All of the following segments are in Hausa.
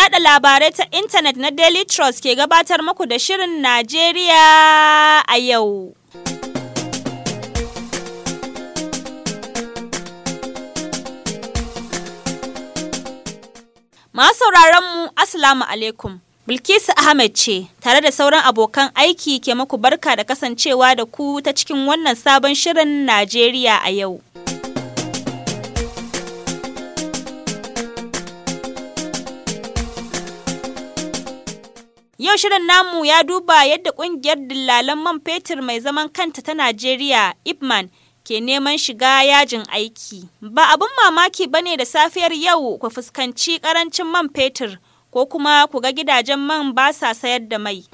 yada labarai ta intanet na Daily Trust ke gabatar muku da Shirin Najeriya a yau. Masu mu Assalamu alaikum. Bilkisu Ahmed ce, tare da sauran abokan aiki ke muku barka da kasancewa da ku ta cikin wannan sabon shirin Najeriya a yau. Yau shirin namu ya duba yadda ƙungiyar dillalan man fetur mai zaman kanta ta Najeriya, ipman ke neman shiga yajin aiki. Ba abin mamaki ba ne da safiyar yau ku fuskanci ƙarancin man fetur ko kuma ku ga gidajen man ba sa sayar da mai.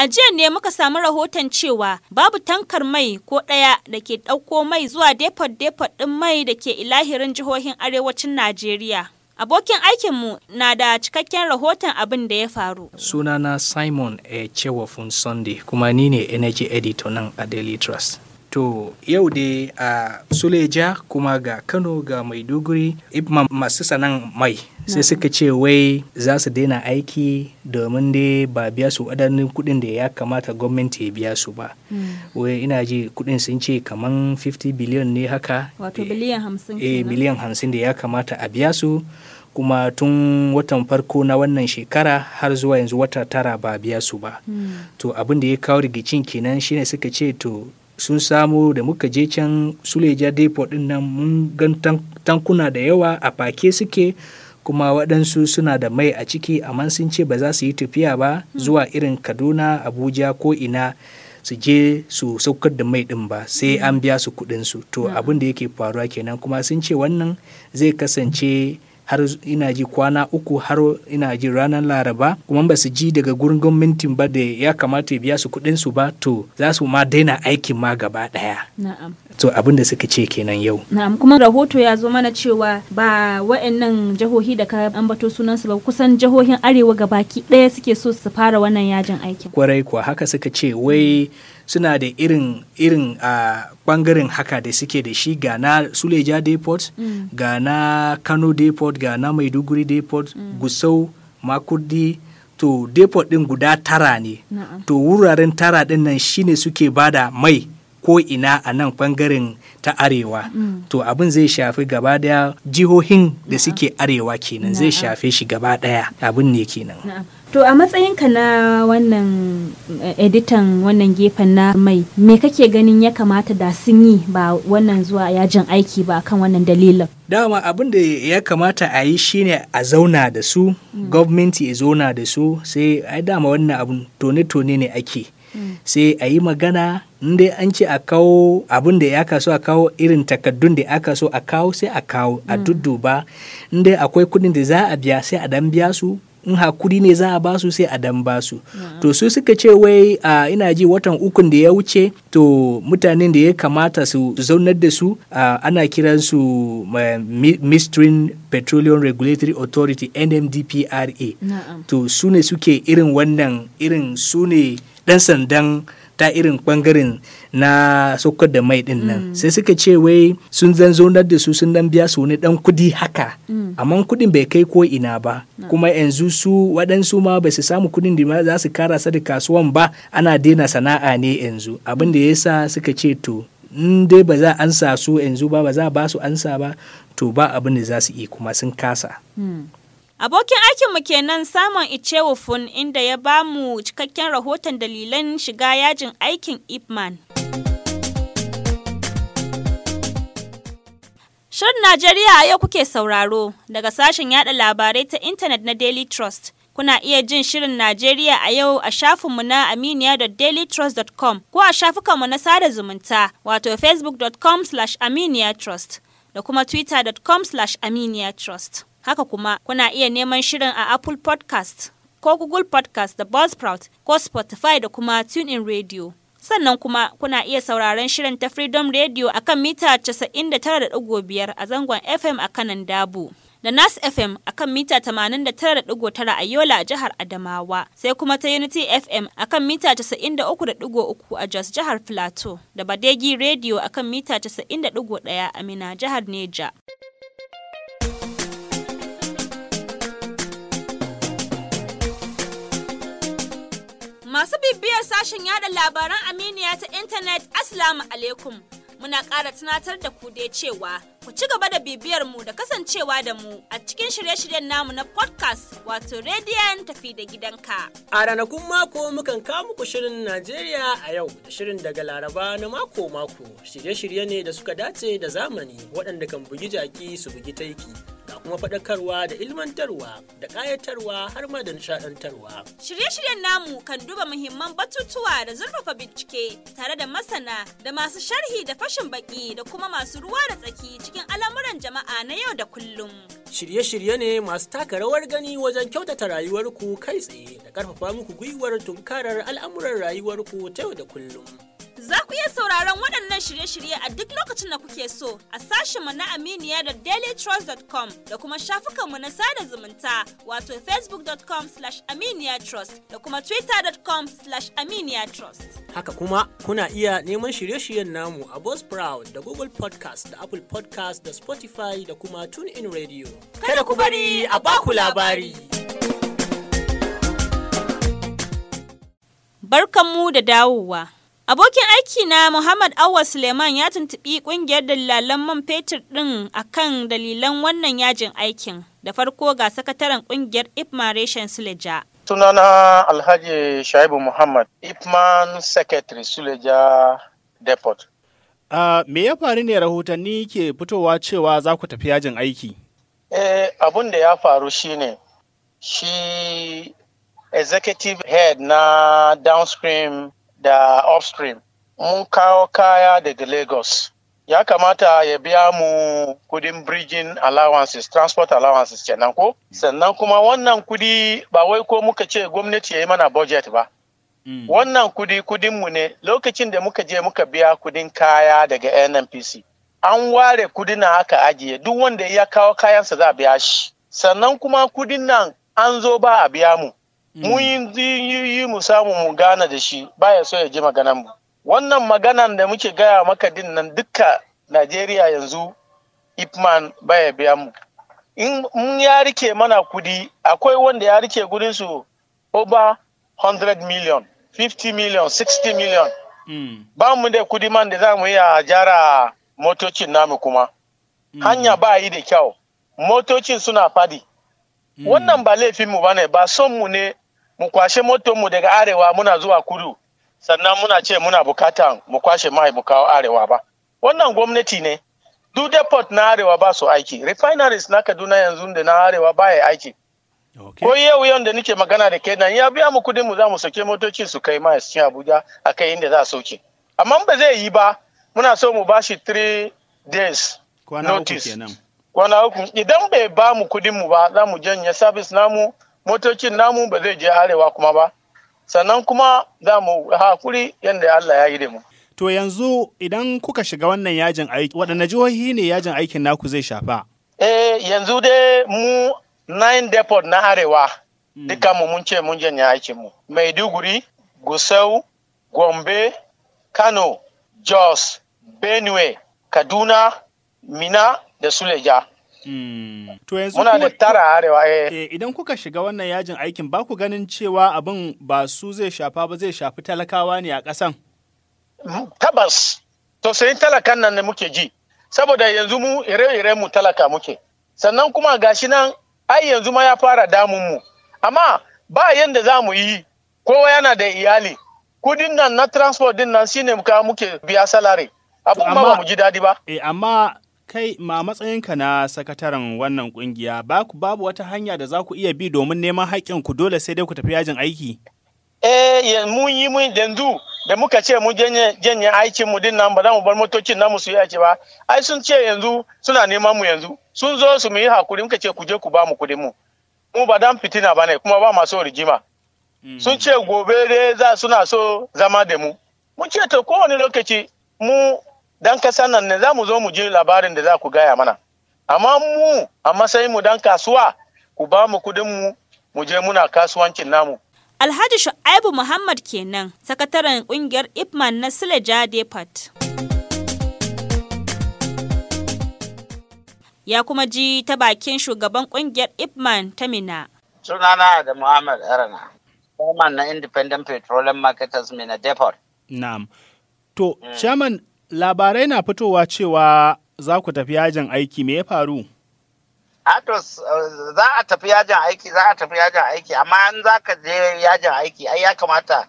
A jiya ne muka samu rahoton cewa babu tankar mai ko ɗaya da ke ɗauko mai zuwa depot-depot ɗin mai da ke ilahirin jihohin arewacin Najeriya. Abokin aikinmu na da cikakken rahoton abin da ya faru. Sunana Simon A. Chewafun Sunday kuma ni ne Energy Editor nan a Daily Trust. To yau dai a Suleja kuma ga Kano ga Maiduguri ibma masu sanan mai sai suka ce wai za su daina aiki domin dai ba biya su waɗannan kuɗin da ya kamata gwamnati ya biya su ba. Hmm. Wai ina ji kuɗin sun ce kaman 50 biliyan ne haka. Wato biliyan hamsin. Eh biliyan hamsin da ya kamata a biya su. kuma tun watan farko na wannan shekara har zuwa yanzu wata tara ba biya su ba. Hmm. To abin da ya kawo rigicin kenan shine suka ce to sun samu da muka je can suleja depot din nan mun gan tankuna da yawa a fake suke kuma waɗansu suna da mai a ciki amma sun ce ba za su yi tafiya ba hmm. zuwa irin kaduna abuja ko ina su je su saukar da mai ɗin ba sai hmm. an biya su kuɗinsu to hmm. abin da yake faruwa kenan kuma sun ce wannan zai kasance har ina ji kwana uku har ina ji ranar laraba kuma ba su ji daga gurin gwamnatin ba da ya kamata ya biya su kuɗin su ba to za su ma daina aikin ma gaba ɗaya. To abin da suka ce kenan yau. Na'am kuma rahoto ya zo mana cewa ba wa'annan jihohi da ka ambato sunan su ba kusan jihohin arewa gabaki ɗaya suke so su fara wannan yajin aikin. Kwarai kuwa haka suka ce wai suna da irin irin a bangaren haka da suke da shi ga na suleja depot mm. ga na kano depot ga na maiduguri depot mm. gusau makurdi to depot din guda tara ne to wuraren tara din nan shine suke bada mai ko ina a nan bangaren ta arewa mm. to abin zai shafi gaba daya jihohin da suke arewa kenan zai shafe shi gaba daya abin ne kenan To a matsayinka na wannan eh, editan wannan gefen na mai me kake ganin ya kamata da sun yi ba wannan zuwa yajin aiki ba kan wannan dalilin? Dama abin da ya kamata a yi shine a zauna da su, mm. gwamnati ya zauna da su sai ai dama wannan abin tone-tone ne ake. Mm. Sai a yi magana in dai an ce a kawo abin da ya kaso a kawo irin takaddun da ya kaso a kawo sai a kawo a hmm. dudduba in dai akwai kuɗin da za a biya sai a dan biya su in hakuri ne za a ba su sai a dan ba su hmm. to su suka ce wai a ina ji watan ukun da ya wuce to mutanen da ya kamata su zaunar da su ana kiran su uh, Midstream Petroleum Regulatory Authority NMDPRA to su ne suke irin wannan irin su ne dan sandan ta irin bangaren na sokar da mai din nan mm. sai suka ce wai sun zan zonar da su sun dan biya su wani dan kudi haka mm. amma kudin bai kai ko ina ba kuma yanzu su waɗansu ma ba su samu kudin da za su kara sa da kasuwan ba ana daina sana'a ne yanzu abin da yasa suka ce to in dai ba za ansa su yanzu ba ba za ba su ansa ba to ba abin da za su yi kuma sun kasa mm. Abokin aikinmu kenan Simon Ichewufun inda ya ba mu cikakken rahoton dalilan shiga yajin aikin Ipman. Shirin Najeriya yau kuke sauraro daga sashen yada labarai ta intanet na Daily Trust. Kuna iya jin Shirin Najeriya a yau a shafinmu na aminiya.dailytrust.com ko a shafukanmu na sada zumunta wato facebookcom aminiyatrust da kuma twittercom aminiyatrust Haka kuma kuna iya neman shirin a Apple Podcast ko Google Podcast da Buzzsprout ko Spotify da kuma TuneIn Radio. Sannan kuma kuna iya sauraron shirin ta Freedom Radio a kan mita 99.5 a zangon FM a kanan Dabu. Da Nas FM a kan mita 89.9 a Yola a jihar Adamawa, sai kuma ta Unity FM a kan mita 93.3 a Jos jihar Plateau, da Badegi Radio a kan mita 91.1 a Mina jihar Neja. Masu bibiyar sashen yada labaran Aminiya ta intanet Assalamu alaikum. Muna ƙara tunatar da ku dai cewa ku ci gaba da bibiyar mu da kasancewa da mu a cikin shirye-shiryen namu na podcast wato rediyon tafi da gidanka. A ranakun mako mukan kawo muku shirin Najeriya a yau da shirin daga Laraba na mako-mako shirye-shirye ne da suka dace da zamani waɗanda kan bugi jaki su bugi taiki. ga kuma faɗakarwa da ilmantarwa da ƙayatarwa har ma da nishaɗantarwa. Shirye-shiryen namu kan duba muhimman batutuwa da zurfafa bincike tare da masana da masu sharhi da fashin baki da kuma masu ruwa da tsaki cikin al'amuran jama'a na yau da kullum. Shirye-shirye ne masu taka rawar gani wajen kyautata rayuwarku kai tsaye da ƙarfafa muku gwiwar tunkarar al'amuran rayuwarku ta yau da kullum. Za ku iya sauraron waɗannan shirye-shirye a duk lokacin da kuke so a sashenmu na Aminiya da dailytrust.com da kuma shafukanmu na sada zumunta wato facebook.com aminiyatrust da kuma twitter.com aminiyatrust. Haka kuma kuna iya neman shirye-shiryen namu a Buzzsprout da Google Podcast da Apple Podcast da Spotify da kuma TuneIn Radio. Kada ku bari a baku labari. Barkanmu da dawowa. Abokin aiki na Muhammad Awa Suleiman ya tuntuɓi ƙungiyar dalalan man fetur ɗin akan dalilan wannan yajin aikin. Da farko ga sakataren ƙungiyar Ipma Reshen Suleja. Sunana Alhaji Shaibu Muhammad, Ipman Secretary Suleja Depot. Uh, me ya faru ne rahotanni ke fitowa cewa za ku tafi yajin aiki? Eh, abun da ya faru shine shi executive head na downstream da upstream mun kawo kaya daga lagos ya kamata ya biya mu kudin bridging allowances transport allowances kenan ko sannan kuma wannan kudi ba wai ko muka ce gwamnati ya yi mana budget ba hmm. Wannan kudi kudin mu ne lokacin da muka je muka biya kudin kaya daga NNPC. An ware kudin na aka ajiye duk wanda ya kawo kayansa za a biya shi. Sannan kuma kudin nan an zo ba a biya mu. mun yi mu samu mu gana da shi baya so ya ji maganan mu wannan maganan da muke gaya maka din nan dukka Najeriya yanzu Ipman baya biya mu in mun ya rike mana kudi akwai wanda ya rike gudun su over 100 million 50 million 60 million mm. ba mu da kudi man da za mu iya jara motocin namu kuma mm. hanya ba yi da kyau motocin suna fadi mm. wannan ba laifinmu mu ne ba son mu ne mu kwashe mu daga arewa muna zuwa kudu sannan muna ce muna bukatan mu kwashe mai mu kawo arewa ba wannan gwamnati ne duk depot na arewa ba su aiki refineries na kaduna yanzu da na arewa ba ya aiki ko yau yau da nake magana da kenan ya biya mu kudin mu za mu soke motoci su kai mai cikin abuja a kai inda za a soke amma ba zai yi ba muna so mu bashi 3 days notice kwana uku idan bai ba mu kudin mu ba za mu janye service namu motocin namu ba zai je arewa kuma ba sannan kuma za mu hakuri yadda Allah ya yi da mu. To yanzu idan kuka shiga wannan yajin aiki waɗanne jihohi ne yajin aikin naku zai shafa? Eh yanzu dai mu nine depot na arewa hmm. duka mu mun ce mun janye aikin mu. Maiduguri, Gusau, Gombe, Kano, Jos, Benue, Kaduna, Mina da Suleja. To yanzu muna tara arewa eh. eh. Idan kuka shiga wannan yajin aikin ba ku ganin cewa abin ba su zai shafa ba zai shafi talakawa ne a ƙasan. Tabas to sai talakan nan ne muke ji saboda yanzu mu ire-ire mu talaka muke sannan kuma gashi nan ai yanzu ma ya fara damun mu amma ba yanda za mu yi kowa yana da iyali kudin nan na transport din nan shine muka muke biya salary abun ma ba mu ji dadi ba eh amma kai ma matsayinka na sakataren wannan kungiya babu wata hanya da za ku iya bi domin neman haƙƙin ku dole sai dai ku tafi yajin aiki eh mun yi mun yanzu da muka ce mu janye aikin mu dinnan ba za mu bar motocin namu su yi aiki ba ai sun ce yanzu suna neman mu yanzu sun zo su mu yi hakuri muka ce ku je ku ba mu kuɗin mu mu ba dan fitina bane kuma ba masu rigima mm. sun ce gobe dai za suna so zama da mu mun ce to kowane lokaci mu dan ka nan ne za mu zo mu ji labarin da za ku gaya mana amma mu a matsayin mu dan kasuwa ku ba mu kudin mu mu je muna kasuwancin namu Alhaji Shu'aibu Muhammad kenan sakataren kungiyar Ipman na Sileja Depot ya kuma ji ta bakin shugaban kungiyar Ipman ta Mina sunana da Muhammad Arana Chairman na Independent Petroleum Marketers Mina Depot Na'am to mm. chairman Labarai na fitowa cewa za ku tafi yajin aiki me faru? Atos za a tafi yajin aiki za a tafi yajin aiki amma in za ka je yajin aiki ai ya kamata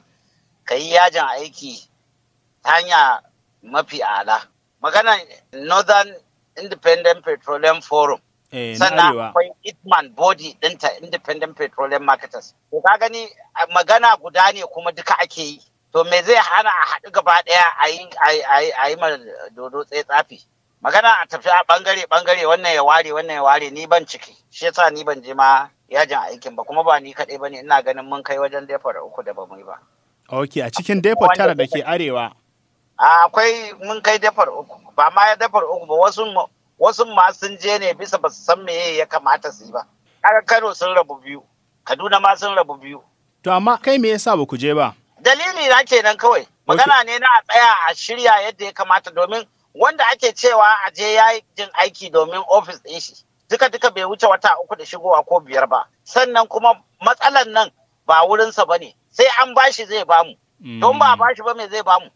ka yi yajin aiki hanya mafi ala. Magana Northern Independent Petroleum Forum. Eh, sannan akwai itman body dinta independent petroleum marketers ka gani magana guda ne kuma duka ake yi to me zai hana a haɗu gaba ɗaya a yi ma dodo tsaye tsafi magana a tafi a ɓangare ɓangare wannan ya ware wannan ya ware ni ban ciki shi yasa ni ban je ma yajin aikin ba kuma ba ni kaɗai ba ne ina ganin mun kai wajen defar uku da ba mu yi ba. ok a cikin daifar tara da ke arewa. akwai mun kai defar uku ba ma ya defar uku ba wasu wasu ma sun je ne bisa ba su san me ya kamata su yi ba. Kano sun rabu biyu, Kaduna ma sun rabu biyu. To amma kai me yasa ba ku je ba? dalili na kenan kawai magana ne na a tsaya a shirya yadda ya kamata domin wanda ake cewa a je ya yi jin aiki domin ofis ɗin shi duka duka bai wuce wata uku da shigowa ko biyar ba sannan kuma matsalan nan ba wurinsa ba ne sai an bashi zai bamu mm. don ba a bashi ba me zai bamu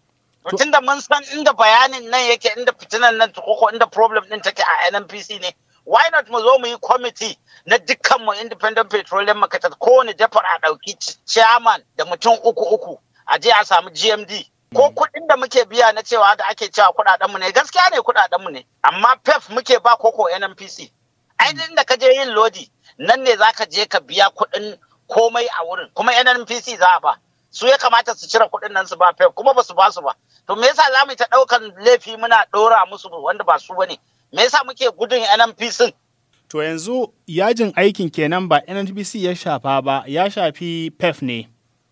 tun da mun san inda bayanin nan yake inda fitinan nan ko inda problem din take a NNPC ne why not mu zo mu yi kwamiti na dukkan mu independent petroleum market kowane jafar a ɗauki chairman da mutum uku uku a je a samu gmd ko hmm. kuɗin da muke biya na cewa da ake cewa mu ne gaskiya ne mu ne amma pef muke ba koko nnpc ainihin hmm. da ka je yin lodi nan ne zaka je ka biya kuɗin komai a wurin kuma nnpc za a ba su ya kamata su cire kuɗin nan su ba pef kuma ba su ba su ba to me yasa za mu ta ɗaukan laifi muna ɗora musu wanda ba su bane me yasa muke gudun NNPC to yanzu yajin aikin kenan ba NNPC ya shafa ba ya shafi PEF ne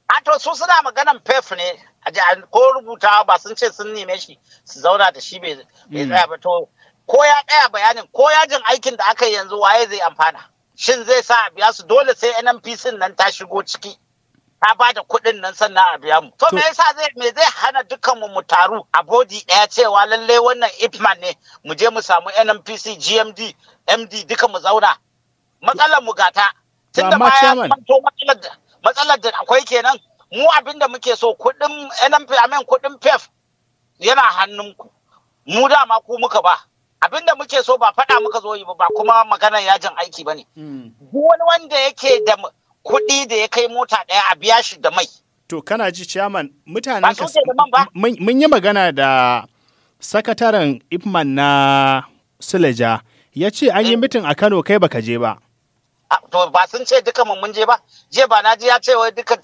a to su suna maganan PEF ne a ko rubuta ba sun ce sun neme shi su zauna da shi bai mm. tsaya ba to ko ya tsaya bayanin ko yajin aikin da aka yi yanzu waye zai amfana shin zai sa biya su dole sai NNPC nan ta shigo ciki ta ba da kuɗin nan sannan a biya mu. To me yasa zai me zai hana dukkan mu mu taru a bodi ɗaya cewa lalle wannan IPMAN ne mu je mu samu NNPC GMD MD duka mu zauna. Matsalar mu gata. Tunda baya matsalar da akwai kenan mu abin da muke so kuɗin NNP amen kuɗin PEF yana hannunku. Mu dama ku muka ba. abin da muke so ba faɗa muka zo yi ba kuma maganar yajin aiki ba ne. Hmm. Wani wanda yake da kuɗi da ya kai mota ɗaya a biya shi da mai. To kana ji ciyaman mutanen ka mun yi magana da sakataren Ipman na Suleja ya ce an yi eh. mitin a Kano kai baka je ba. To ba sun ce duka mun je ba, je ba na ji ya ce wai duka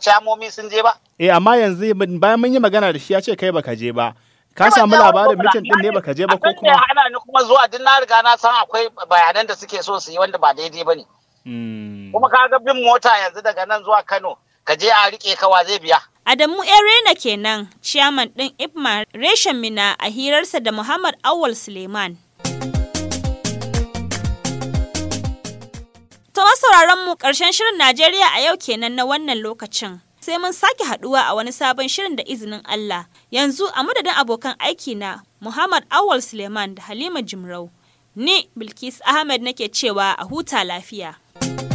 ciyamomi sun je ba. Eh amma yanzu bayan mun yi magana da shi ya ce kai baka je ba. ka samu labarin mitin din ne baka je ba ko kuma ana ni kuma zuwa din na riga na san akwai bayanan da suke so su yi wanda ba daidai ne. Hmm. Kuma ka ga bin mota yanzu daga nan zuwa Kano, ka je a riƙe kawa zai biya. Adamu Erena kenan, ciyaman ɗin Ibma reshen Mina a hirarsa da Muhammad Awal Suleiman. Ta wasu mu ƙarshen shirin Najeriya a yau kenan na wannan lokacin. Sai mun sake haɗuwa a wani sabon shirin da izinin Allah. Yanzu a madadin abokan aiki na Muhammad Awal Suleiman da Halima Jimrau. Ni bilkis Ahmed nake cewa a huta lafiya.